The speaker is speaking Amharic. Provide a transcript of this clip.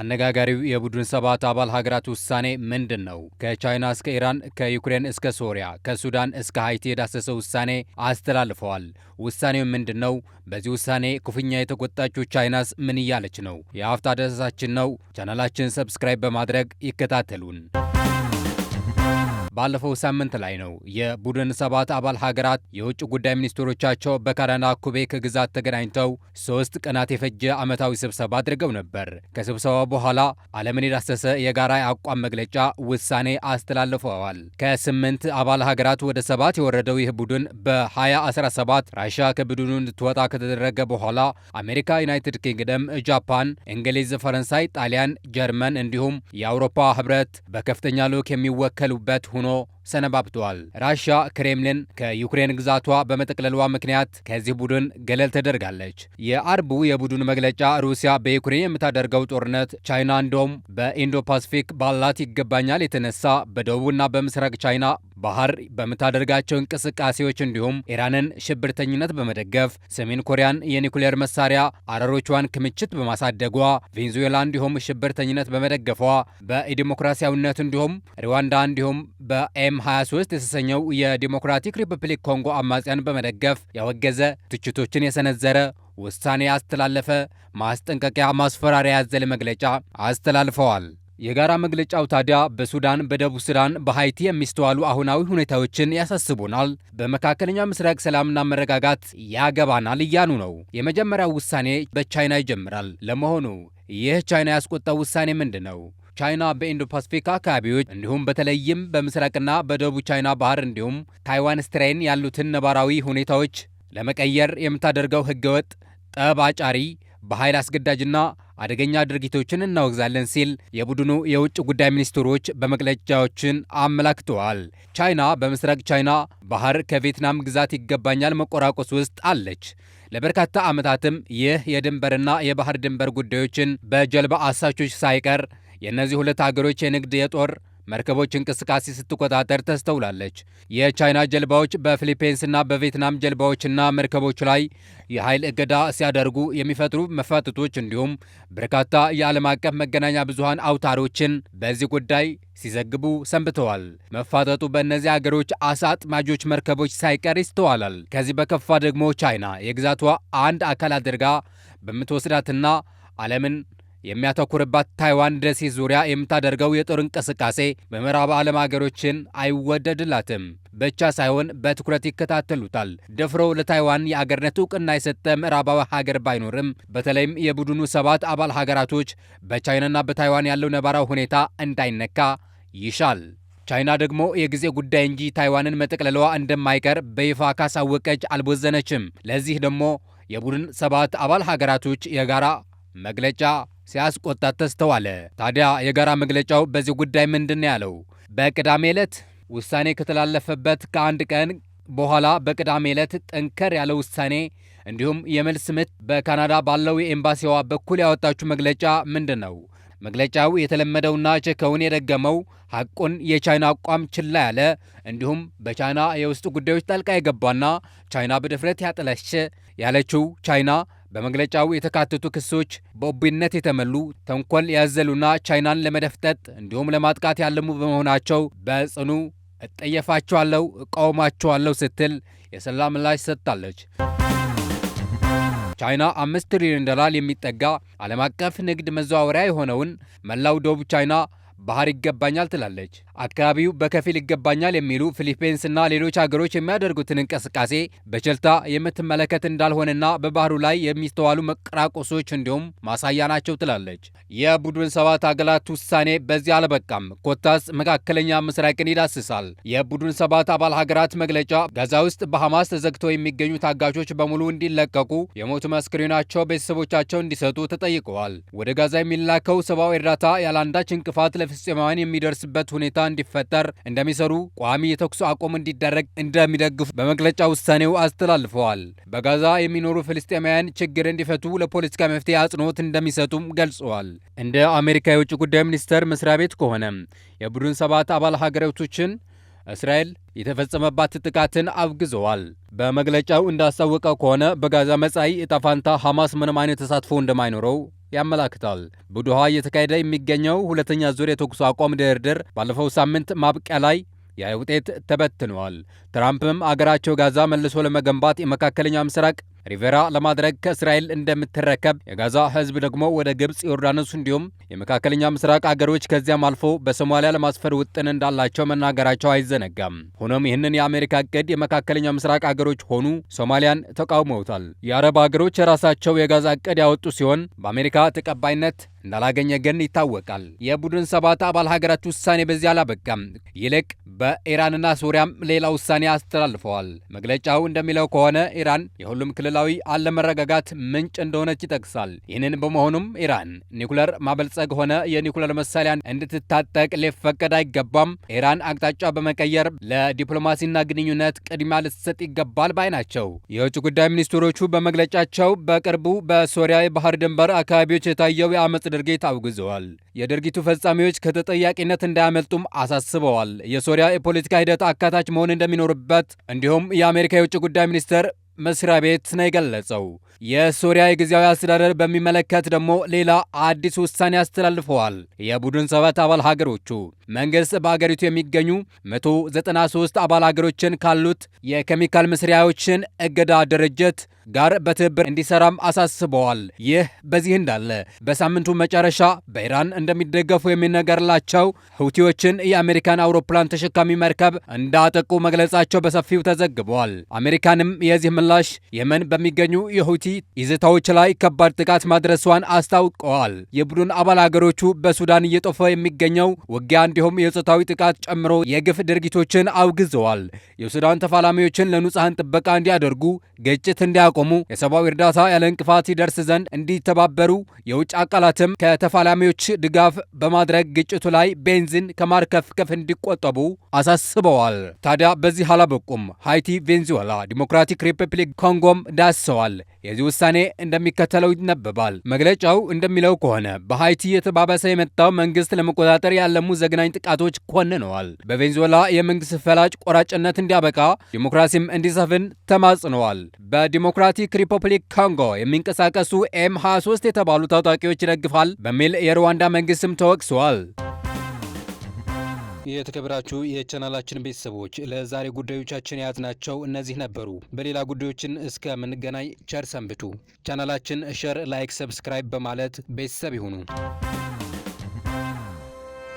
አነጋጋሪው የቡድን ሰባት አባል ሀገራት ውሳኔ ምንድን ነው? ከቻይና እስከ ኢራን፣ ከዩክሬን እስከ ሶሪያ፣ ከሱዳን እስከ ሀይቲ የዳሰሰ ውሳኔ አስተላልፈዋል። ውሳኔው ምንድን ነው? በዚህ ውሳኔ ክፉኛ የተቆጣችው ቻይናስ ምን እያለች ነው? የአፍታ ደሰሳችን ነው። ቻናላችን ሰብስክራይብ በማድረግ ይከታተሉን። ባለፈው ሳምንት ላይ ነው የቡድን ሰባት አባል ሀገራት የውጭ ጉዳይ ሚኒስትሮቻቸው በካናዳ ኩቤክ ግዛት ተገናኝተው ሶስት ቀናት የፈጀ ዓመታዊ ስብሰባ አድርገው ነበር። ከስብሰባ በኋላ ዓለምን የዳሰሰ የጋራ አቋም መግለጫ ውሳኔ አስተላልፈዋል። ከስምንት አባል ሀገራት ወደ ሰባት የወረደው ይህ ቡድን በ2017 ራሽያ ከቡድኑ እንድትወጣ ከተደረገ በኋላ አሜሪካ፣ ዩናይትድ ኪንግደም፣ ጃፓን፣ እንግሊዝ፣ ፈረንሳይ፣ ጣሊያን፣ ጀርመን እንዲሁም የአውሮፓ ህብረት በከፍተኛ ልዑክ የሚወከሉበት ሆኖ no ሰነባብተዋል። ራሽያ ክሬምሊን ከዩክሬን ግዛቷ በመጠቅለሏ ምክንያት ከዚህ ቡድን ገለል ተደርጋለች። የአርቡ የቡድኑ መግለጫ ሩሲያ በዩክሬን የምታደርገው ጦርነት ቻይና እንደውም በኢንዶ ፓሲፊክ ባላት ይገባኛል የተነሳ በደቡብና በምስራቅ ቻይና ባህር በምታደርጋቸው እንቅስቃሴዎች እንዲሁም ኢራንን ሽብርተኝነት በመደገፍ ሰሜን ኮሪያን የኒኩሌር መሳሪያ አረሮቿን ክምችት በማሳደጓ ቬንዙዌላ እንዲሁም ሽብርተኝነት በመደገፏ በዲሞክራሲያዊነት እንዲሁም ሩዋንዳ እንዲሁም በኤም ኤም 23 የተሰኘው የዲሞክራቲክ ሪፐብሊክ ኮንጎ አማጽያን በመደገፍ ያወገዘ፣ ትችቶችን የሰነዘረ፣ ውሳኔ ያስተላለፈ፣ ማስጠንቀቂያ፣ ማስፈራሪያ ያዘለ መግለጫ አስተላልፈዋል። የጋራ መግለጫው ታዲያ በሱዳን፣ በደቡብ ሱዳን፣ በሀይቲ የሚስተዋሉ አሁናዊ ሁኔታዎችን ያሳስቡናል፣ በመካከለኛው ምስራቅ ሰላምና መረጋጋት ያገባናል እያሉ ነው። የመጀመሪያው ውሳኔ በቻይና ይጀምራል። ለመሆኑ ይህ ቻይና ያስቆጣው ውሳኔ ምንድን ነው? ቻይና በኢንዶ ፓስፊክ አካባቢዎች እንዲሁም በተለይም በምስራቅና በደቡብ ቻይና ባህር እንዲሁም ታይዋን ስትሬን ያሉትን ነባራዊ ሁኔታዎች ለመቀየር የምታደርገው ህገወጥ ጠብ አጫሪ በኃይል አስገዳጅና አደገኛ ድርጊቶችን እናወግዛለን ሲል የቡድኑ የውጭ ጉዳይ ሚኒስትሮች በመግለጫዎችን አመላክተዋል። ቻይና በምስራቅ ቻይና ባህር ከቪየትናም ግዛት ይገባኛል መቆራቆስ ውስጥ አለች። ለበርካታ ዓመታትም ይህ የድንበርና የባህር ድንበር ጉዳዮችን በጀልባ አሳቾች ሳይቀር የእነዚህ ሁለት ሀገሮች የንግድ የጦር መርከቦች እንቅስቃሴ ስትቆጣጠር ተስተውላለች። የቻይና ጀልባዎች በፊሊፒንስና በቬትናም ጀልባዎችና መርከቦች ላይ የኃይል እገዳ ሲያደርጉ የሚፈጥሩ መፋጠጦች እንዲሁም በርካታ የዓለም አቀፍ መገናኛ ብዙሃን አውታሮችን በዚህ ጉዳይ ሲዘግቡ ሰንብተዋል። መፋጠጡ በእነዚህ አገሮች አሳ አጥማጆች መርከቦች ሳይቀር ይስተዋላል። ከዚህ በከፋ ደግሞ ቻይና የግዛቷ አንድ አካል አድርጋ በምትወስዳትና ዓለምን የሚያተኩርባት ታይዋን ደሴት ዙሪያ የምታደርገው የጦር እንቅስቃሴ በምዕራብ ዓለም አገሮችን አይወደድላትም ብቻ ሳይሆን በትኩረት ይከታተሉታል። ደፍሮ ለታይዋን የአገርነት እውቅና የሰጠ ምዕራባዊ ሀገር ባይኖርም በተለይም የቡድኑ ሰባት አባል ሀገራቶች በቻይናና በታይዋን ያለው ነባራዊ ሁኔታ እንዳይነካ ይሻል። ቻይና ደግሞ የጊዜ ጉዳይ እንጂ ታይዋንን መጠቅለለዋ እንደማይቀር በይፋ ካሳወቀች አልቦዘነችም። ለዚህ ደግሞ የቡድን ሰባት አባል ሀገራቶች የጋራ መግለጫ ሲያስቆጣ ተስተዋለ። ታዲያ የጋራ መግለጫው በዚህ ጉዳይ ምንድን ያለው? በቅዳሜ ዕለት ውሳኔ ከተላለፈበት ከአንድ ቀን በኋላ በቅዳሜ ዕለት ጠንከር ያለ ውሳኔ እንዲሁም የመልስ ምት በካናዳ ባለው የኤምባሲዋ በኩል ያወጣችው መግለጫ ምንድን ነው? መግለጫው የተለመደውና ቸከውን የደገመው ሐቁን የቻይና አቋም ችላ ያለ እንዲሁም በቻይና የውስጥ ጉዳዮች ጣልቃ የገባና ቻይና በድፍረት ያጠለሸ ያለችው ቻይና በመግለጫው የተካተቱ ክሶች በኦቢነት የተመሉ ተንኮል ያዘሉና ቻይናን ለመደፍጠጥ እንዲሁም ለማጥቃት ያለሙ በመሆናቸው በጽኑ እጠየፋቸዋለሁ፣ እቃወማቸዋለሁ ስትል የሰላ ምላሽ ሰጥታለች። ቻይና አምስት ትሪሊዮን ዶላር የሚጠጋ ዓለም አቀፍ ንግድ መዘዋወሪያ የሆነውን መላው ደቡብ ቻይና ባህር ይገባኛል ትላለች። አካባቢው በከፊል ይገባኛል የሚሉ ፊሊፒንስና ሌሎች ሀገሮች የሚያደርጉትን እንቅስቃሴ በቸልታ የምትመለከት እንዳልሆነና በባህሩ ላይ የሚስተዋሉ መቀራቆሶች እንዲሁም ማሳያ ናቸው ትላለች። የቡድን ሰባት አገላት ውሳኔ በዚህ አልበቃም። ኮታስ መካከለኛ ምስራቅን ይዳስሳል። የቡድን ሰባት አባል ሀገራት መግለጫ ጋዛ ውስጥ በሐማስ ተዘግተው የሚገኙ ታጋቾች በሙሉ እንዲለቀቁ፣ የሞቱ አስክሬናቸው ቤተሰቦቻቸው እንዲሰጡ ተጠይቀዋል። ወደ ጋዛ የሚላከው ሰብአዊ እርዳታ ያለአንዳች እንቅፋት ጥቃት የሚደርስበት ሁኔታ እንዲፈጠር እንደሚሰሩ፣ ቋሚ የተኩስ አቁም እንዲደረግ እንደሚደግፉ በመግለጫ ውሳኔው አስተላልፈዋል። በጋዛ የሚኖሩ ፍልስጤማውያን ችግር እንዲፈቱ ለፖለቲካ መፍትሄ አጽንኦት እንደሚሰጡም ገልጸዋል። እንደ አሜሪካ የውጭ ጉዳይ ሚኒስቴር መስሪያ ቤት ከሆነ የቡድን ሰባት አባል ሀገራቶችን እስራኤል የተፈጸመባት ጥቃትን አውግዘዋል። በመግለጫው እንዳስታወቀው ከሆነ በጋዛ መጻኢ ዕጣ ፋንታ ሐማስ ምንም አይነት ተሳትፎ እንደማይኖረው ያመላክታል። በዶሃ እየተካሄደ የሚገኘው ሁለተኛ ዙር የተኩስ አቋም ድርድር ባለፈው ሳምንት ማብቂያ ላይ ያለ ውጤት ተበትነዋል። ትራምፕም አገራቸው ጋዛ መልሶ ለመገንባት የመካከለኛው ምስራቅ ሪቬራ ለማድረግ ከእስራኤል እንደምትረከብ የጋዛ ህዝብ ደግሞ ወደ ግብፅ፣ ዮርዳኖስ እንዲሁም የመካከለኛ ምስራቅ አገሮች ከዚያም አልፎ በሶማሊያ ለማስፈር ውጥን እንዳላቸው መናገራቸው አይዘነጋም። ሆኖም ይህንን የአሜሪካ እቅድ የመካከለኛ ምስራቅ አገሮች ሆኑ ሶማሊያን ተቃውመውታል። የአረብ አገሮች የራሳቸው የጋዛ እቅድ ያወጡ ሲሆን በአሜሪካ ተቀባይነት እንዳላገኘ ግን ይታወቃል። የቡድን ሰባት አባል ሀገራት ውሳኔ በዚህ አላበቃም። ይልቅ በኢራንና ሶሪያም ሌላ ውሳኔ አስተላልፈዋል። መግለጫው እንደሚለው ከሆነ ኢራን የሁሉም ክልል የክልላዊ አለመረጋጋት ምንጭ እንደሆነች ይጠቅሳል። ይህንን በመሆኑም ኢራን ኒኩለር ማበልጸግ ሆነ የኒኩለር መሳሪያን እንድትታጠቅ ሊፈቀድ አይገባም፣ ኢራን አቅጣጫ በመቀየር ለዲፕሎማሲና ግንኙነት ቅድሚያ ልትሰጥ ይገባል ባይ ናቸው። የውጭ ጉዳይ ሚኒስትሮቹ በመግለጫቸው በቅርቡ በሶሪያ የባህር ድንበር አካባቢዎች የታየው የአመፅ ድርጊት አውግዘዋል። የድርጊቱ ፈጻሚዎች ከተጠያቂነት እንዳያመልጡም አሳስበዋል። የሶሪያ የፖለቲካ ሂደት አካታች መሆን እንደሚኖርበት እንዲሁም የአሜሪካ የውጭ ጉዳይ ሚኒስትር መስሪያ ቤት ነው የገለጸው። የሶሪያ የጊዜያዊ አስተዳደር በሚመለከት ደግሞ ሌላ አዲስ ውሳኔ አስተላልፈዋል። የቡድን ሰባት አባል ሀገሮቹ መንግስት በአገሪቱ የሚገኙ 193 አባል ሀገሮችን ካሉት የኬሚካል መስሪያዎችን እገዳ ድርጅት ጋር በትብብር እንዲሰራም አሳስበዋል። ይህ በዚህ እንዳለ በሳምንቱ መጨረሻ በኢራን እንደሚደገፉ የሚነገርላቸው ሁቲዎችን የአሜሪካን አውሮፕላን ተሸካሚ መርከብ እንዳጠቁ መግለጻቸው በሰፊው ተዘግበዋል። አሜሪካንም የዚህ ምላሽ የመን በሚገኙ የሁቲ ይዘታዎች ላይ ከባድ ጥቃት ማድረሷን አስታውቀዋል። የቡድን አባል አገሮቹ በሱዳን እየጦፈ የሚገኘው ውጊያ እንዲሁም የጾታዊ ጥቃት ጨምሮ የግፍ ድርጊቶችን አውግዘዋል። የሱዳን ተፋላሚዎችን ለንጹሐን ጥበቃ እንዲያደርጉ ግጭት እንዲያቆ እንዲያቆሙ፣ የሰብአዊ እርዳታ ያለ እንቅፋት ይደርስ ዘንድ እንዲተባበሩ፣ የውጭ አካላትም ከተፋላሚዎች ድጋፍ በማድረግ ግጭቱ ላይ ቤንዚን ከማርከፍከፍ እንዲቆጠቡ አሳስበዋል። ታዲያ በዚህ አላበቁም። ሃይቲ፣ ቬንዙዌላ፣ ዲሞክራቲክ ሪፐብሊክ ኮንጎም ዳስሰዋል። የዚህ ውሳኔ እንደሚከተለው ይነበባል። መግለጫው እንደሚለው ከሆነ በሃይቲ የተባበሰ የመጣው መንግስት ለመቆጣጠር ያለሙ ዘግናኝ ጥቃቶች ኮንነዋል። በቬንዙዌላ የመንግስት ፈላጭ ቆራጭነት እንዲያበቃ ዲሞክራሲም እንዲሰፍን ተማጽነዋል። በዲሞክራ ዲሞክራቲክ ሪፐብሊክ ኮንጎ የሚንቀሳቀሱ ኤም 23 የተባሉ ታጣቂዎች ይደግፋል በሚል የሩዋንዳ መንግስትም ተወቅሰዋል። የተከበራችሁ የቻናላችን ቤተሰቦች ለዛሬ ጉዳዮቻችን የያዝናቸው እነዚህ ነበሩ። በሌላ ጉዳዮችን እስከምንገናኝ ቸር ሰንብቱ። ቻናላችን ሸር፣ ላይክ፣ ሰብስክራይብ በማለት ቤተሰብ ይሁኑ።